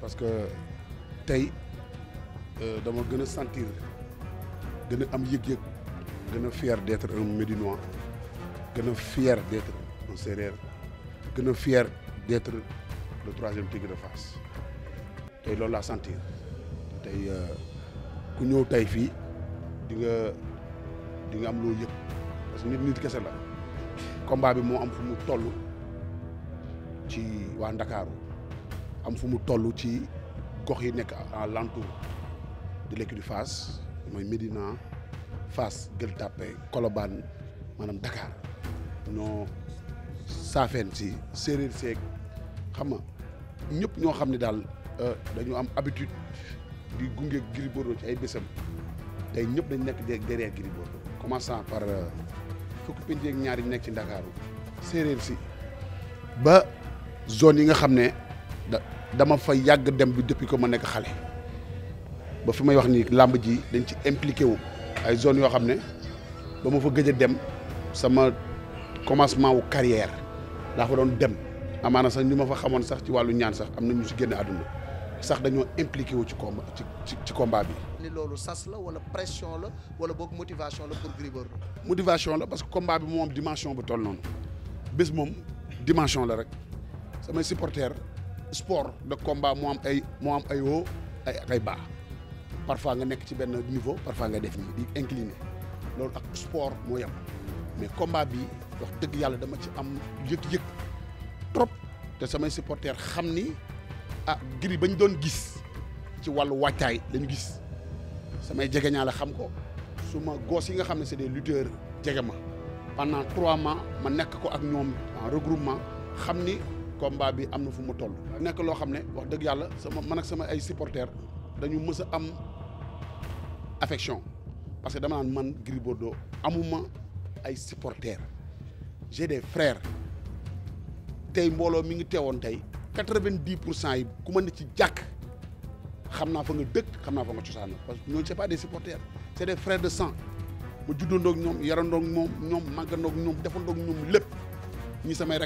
parce que je euh, dama sentir am fier d'être un médinois je fier d'être un séeréer je fier d'être le troisième tigre de face. tay loolu la sentir euh, ku ñëw tay fii di nga di nga am parce que nit nit kese la combat bi moo am fu mu toll ci am fu mu tollu ci gox yi nekk en l'entour de l'écurie Fass mooy Médina Fass Gueule Tapée Colobane maanaam Dakar ñoo saafeen si séeréer seeg xam nga ñëpp ñoo xam ne daal euh, dañu am habitude di gunge Gris Bordeaux ci ay bésam tey ñëpp dañ nekk derrière Gris Bordeaux commençant par euh, fukki pénc ak ñaar nekk ci Ndakaaru séeréer si ba zone yi nga xam ne dama suis dem bi depuis que ma nekk je ba fi may wax ni lamb ji impliqué wu ay zone yo xamné ba ma fa dem sama commencement wu carrière Je fa dem amana sax ni fa xamone sax ci walu ñaan sax amna ñu ci aduna sax impliqué wu ci combat ci ci combat bi. ni la wala pression la wala motivation la pour motivation la parce que combat bi dimension dimension la supporters. sport de combat moo am ay moo am ay haut ay ay bas parfois nga nekk ci benn niveau parfois nga def nii di incliné loolu ak sport moo yem mais combat bi wax dëgg yàlla dama ci am yëg-yëg trop te samay supporters xam ni ah Gris bañ doon gis ci wàllu wàccaay lañu gis samay jegeñaa la xam ko su ma gos yi nga xam ne c'est des lutteurs jege ma pendant trois mois ma nekk ko ak ñoom en regroupement xam ni. combat bi amna na fu mu toll. nek lo xamne wax deug yalla sama man ak sama ay supporters dañu mës am affection parce que dama nan man Gris Bordeaux amuma ay supporters j'ai des frères tay mbolo mi ngi teewoon tay 90% yi ku ma ne ci jàkk xamna fa nga dëkk xamna fa nga cosaan parce que ñooñu c'est pas des supporters c'est des frères de sang ma juddandoo ñom yarandok mom ñom magandok ñom defandok ñom lepp ce n'est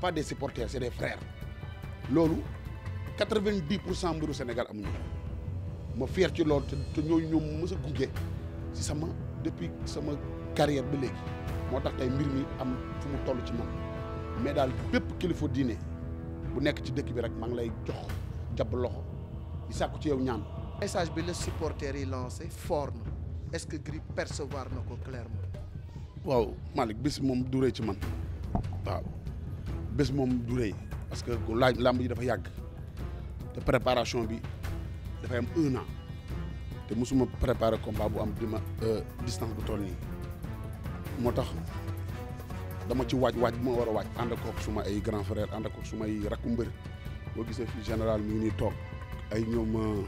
pas des supporters c'est des frères loolu sont Sénégal Je suis fier de loolu te ñooñu nous, depuis ma carrière je suis en train mbir am mais dans le peuple diine bu nekk ci dëkk bi rek message supporters lancé est-ce que percevoir nos clairement waaw Malick bés moom du rëy ci man waaw bés moom du rëy parce que laaj làmb ji dafa yàgg te préparation bi dafay am un an te mosuma préparer combat bu am dima euh, distance bu toll nii moo tax dama ci waaj waaj bu ma war a waaj ànd kook suma ay grand frère ànd kook suma ay rakku mbër boo gisee fi général mi ngi nii toog ay ñoom euh,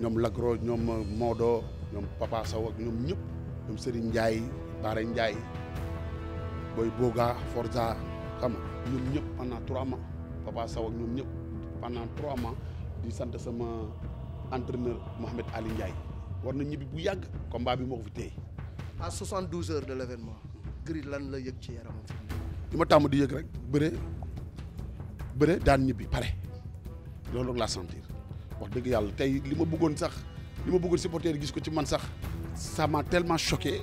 ñoom Lagro ñoom euh, moodo ñoom Papa Sow ak ñoom ñëpp ñoom Serigne Ndiaye. Baara Ndiaye booy Boga Forza xam ñoom ñëpp pendant trois mois Papa Sow ak ñoom ñëpp pendant trois mois di sant sama entraîneur Mohamed Ali Ndiaye war na ñibbi bu yàgg combat bi moo ko fi téye. à 72 heures de l' événement. Gris lan la yëg ci yaramam. li ma tàmm di yëg rek bëre bëre daan ñibbi pare loolu la laa sentir wax dëgg yàlla tey li ma bëggoon sax li ma bëggoon supporter gis ko ci man sax ça m'a tellement choqué.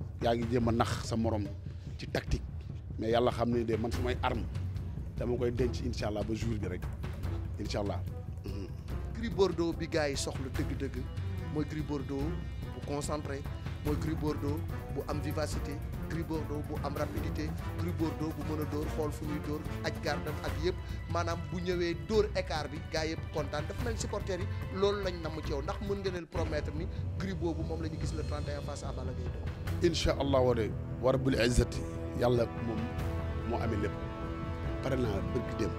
yaa ngi jéem a nax sa morom ci tactique mais yàlla xam ne de man sumay arme dama koy denc incha allah ba jour bi rek incha allah. Gris Bordeaux bi gars yi soxla dëgg-dëgg mooy Gris Bordeaux bu concentré mooy Gris Bordeaux bu am vivacité. Gris Bordeaux bu am rapidité Gris Bordeaux bu mën a dóor xool fu muy dóor aj gardam ak yëpp maanaam bu ñëwee dóor écart bi gaa yëpp kontaan dafa mel supporters yi loolu lañ namm ci yow ndax mun nga leen promettre ni Gris boobu moom la ñu gis le 31 face à Balla Gaye 2 incha allah wa wa rabbul izzati yàlla moom moo amee lépp pare naa bëgg dem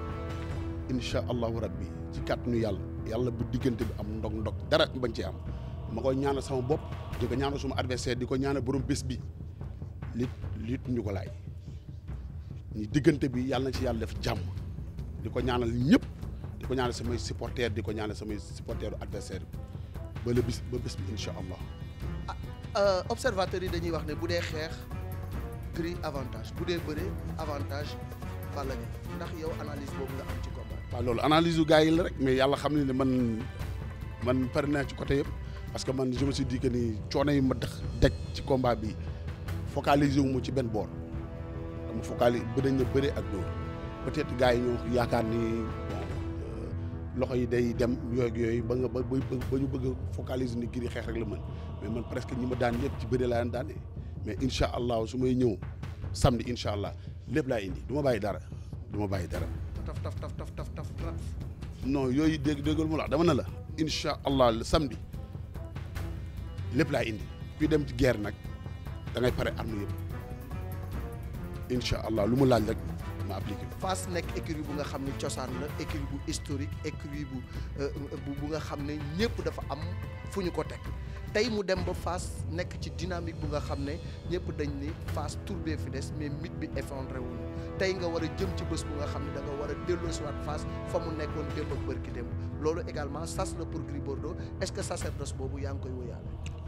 incha allahu rabbi ci kàttanu yàlla yàlla bu diggante bi am ndog ndog dara bañ ci am ma koy ñaanal sama bopp di ko ñaanal suma adversaire di ko ñaanal borom bés bi ñu ko njugalaay ñu diggante bi yàlla na ci yàlla def jàmm di ko ñaanal ñëpp di ko ñaanal samay supporter di ko ñaanal samay supporteru adversaire bi ba la bis ba bis bi incha allah. ah euh, yi dañuy wax ne bu dee xeex Gris avantage bu dee bëre avantage Balla ndax yow analise boobu nga am ci combat. waaw loolu analise yu gars yi la rek mais yàlla xam ne man man pare naa ci côté yëpp parce que man je me suis dit que ni coono yi ma daj ci combat bi. focaliser wu ma ci benn boor dama focaliser bëri na bëre ak dóor peut-être gars yi ñoo yaakaar ni euh, loxo yi day dem yooyu yooyu ba nga ba ba ñu bëgg a focaliser ni giri xeex rek la mën mais man presque ñi ma daan yëpp ci bëre laa daane mais incha allah su may ñëw samedi incha allah lépp laa indi du ma bàyyi dara du ma bàyyi dara. taf taf taf taf taf taf. non yooyu dégg déggal mu la dama ne la. incha allah samedi lépp laa indi kuy dem ci guerre nag. da ngay pare arme yëpp incha allah lu mu laal rek ma appliqué ko. Fass nekk écurie bu nga xam ne cosaan la écurie bu historique écurie bu euh, bu nga xam ne ñëpp dafa am fu ñu ko teg tey mu dem ba Fass nekk ci dynamique bu nga xam ne ñëpp dañ ni Fass tur bee fi des mais mythe bi effondré wu tey nga war a jëm ci bés bu nga xam ne da nga war a delloosiwaat Fass fa mu nekkoon démb ak bërki démb loolu également sas la pour Gris Bordeaux est-ce que sacerdoce boobu yaa ngi koy wóyaale.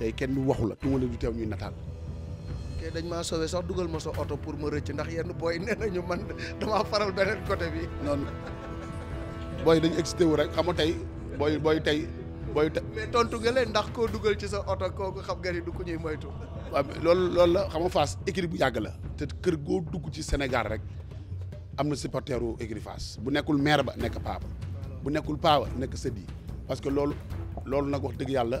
tey kenn waxu la tuuma la du teew ñuy nataal. ok dañ maa sauvé sax dugal ma sa oto pour ma rëcc ndax yenn booy nee nañu man damaa faral beneen côté bi. noonu booy dañu excité wu rek xam nga tey booy booy tey. booy tey tontu nga ndax koo dugal ci sa oto kooku xam nga du ko ñuy moytu. waaw loolu la xam nga Fass bu yàgg la. te kër goo dugg ci Sénégal rek am na supporteru écurie Fass bu nekkul maire ba nekk paa bu nekkul paa ba nekk sët yi parce que loolu loolu nag wax dëgg yàlla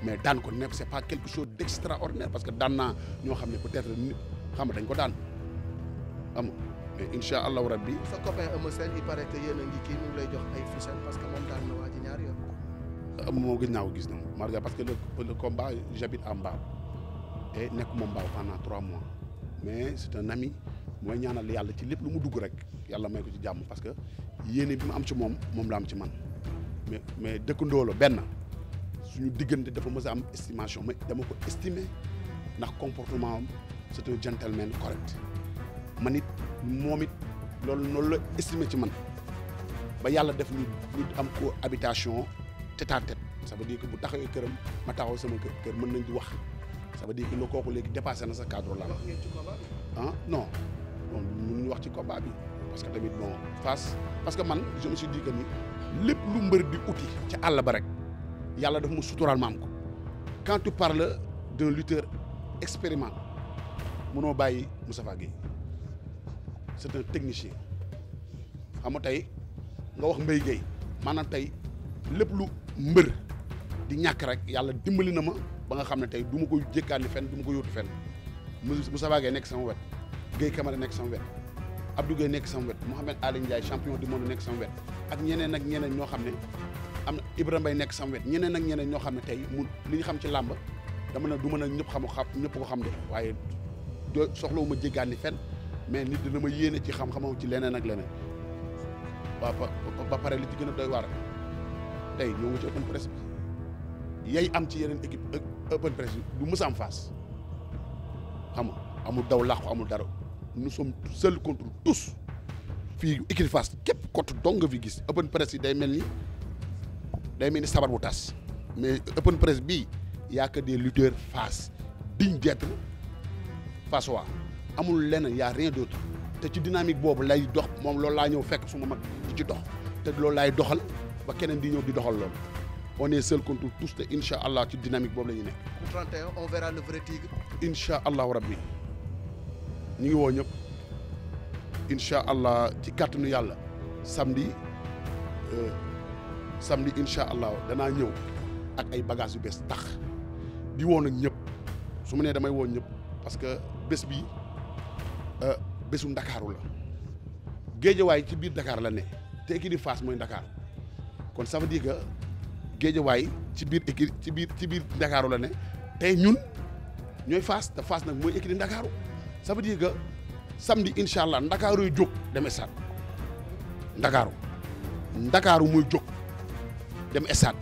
mais ko c'est pas quelque chose d'extraordinaire parce que daan nous nous peut-être xam ko mais rabbi. sa copain il paraît que ngi nous ñu lay jox parce que mon daan na ñaar ah, parce que le combat j'habite en bas et pendant trois mois mais c'est un ami moy ñaanal ci lu mu dugg rek may ko ci parce que am ci la am ci man mais mais ndolo nous diggante dafa mës am estimation mais dama ko estimer ndax comportement c'est un gentleman correct manit momit, moom it loolu noonu la estimer ci man ba yàlla def ñu ñu am habitation tête à tête ça veut dire que bu taxawee këram ma taxaw sama kër kër nañ di wax ça veut dire que loo kooku léegi dépassé na sa cadre là ah non bon mënuñu wax ci combat bi parce que tamit bon face parce que man je me suis dit que ni lépp lu du di uti ca àll ba yalla daf ma suturaal mam ko quand tu parles d'un lutteur expérimenté mënoo bàyyi Moustapha Guèye c'est un technicien xam tay nga wax mbey Guèye manam tay lepp lu mbeur di ñak rek yalla dimbali na ma ba nga xam tay duma ko jékkaali fenn duma ko yóotu fenn Moustapha Guèye nek sama wet gueye Camara nek sama wet Abdou gueye nek sama wet mohamed Ali Ndiaye champion du monde nek sama wet ak ñeneen ak ñeneen ñoo xam am na Ibra Mbaye nekk sama wet ñeneen ak ñeneen ñoo xam ne mu li ñu xam ci làmb dama ne du mën a ñëpp xamu xam ñëpp ko xam de waaye soxlawuma jéggaani fenn mais nit dina ma yéene ci xam-xamam ci leneen ak leneen ba ba pare li ci gën a doy waar tey ñoo ngi ci open press bi yay am ci yeneen équipe open press bi du mës am face xam nga amul daw làqu amul dara nous sommes seuls contre tous fii équipe face képp côté dong nga fi gis open press yi day mel ni. day mel ni sabar bu tas mais open press bi ya a que des lutteurs face dignes d'être face waa amul lenn y a rien d'autre te ci dynamique bobu lay dox mom lool la ñëw fekk suma mag ci dox te lool lay doxal ba keneen di ñëw di doxal lool on est seul contre tous te inshallah ci dynamique bobu la ñu nekk. 31 on verra le vrai tigre. inshallah allahu rabbi ñu ngi woo ñëpp incha allah ci kàttanu yàlla samedi. Euh, samedi incha allah danaa ñëw ak ay bagages yu bees tax di woon ak ñëpp su ma nee damay woon ñëpp parce que bés bi euh, bésu ndakaaru la géejawaay ci biir dakaar la ne te écurie di Fass mooy Dakar kon ça veut dire que ci biir écurie ci biir ci biir ndakaaru la ne tey ñun ñooy Fass nag mooy écurie ndakaaru ça veut incha allah ndakaaru yu jóg dem stade ndakaaru ndakaaru muy jóg. dem stade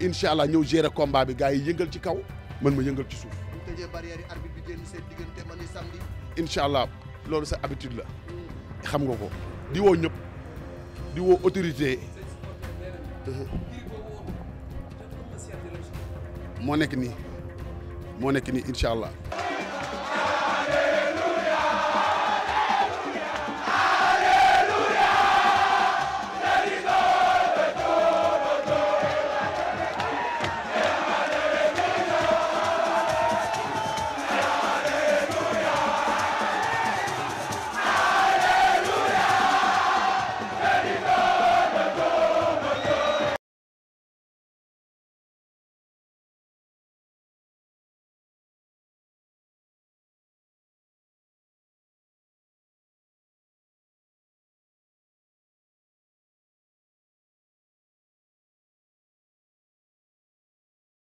incha allah ñëw gérer combat bi gars yi yëngal ci kaw man ma yëngal ci suuf. bu ñu tëjee barrière yi arbitre bi génn seen incha allah loolu sa habitude la xam nga ko diwoo woo ñëpp di woo moo nekk nii moo nekk nii incha allah.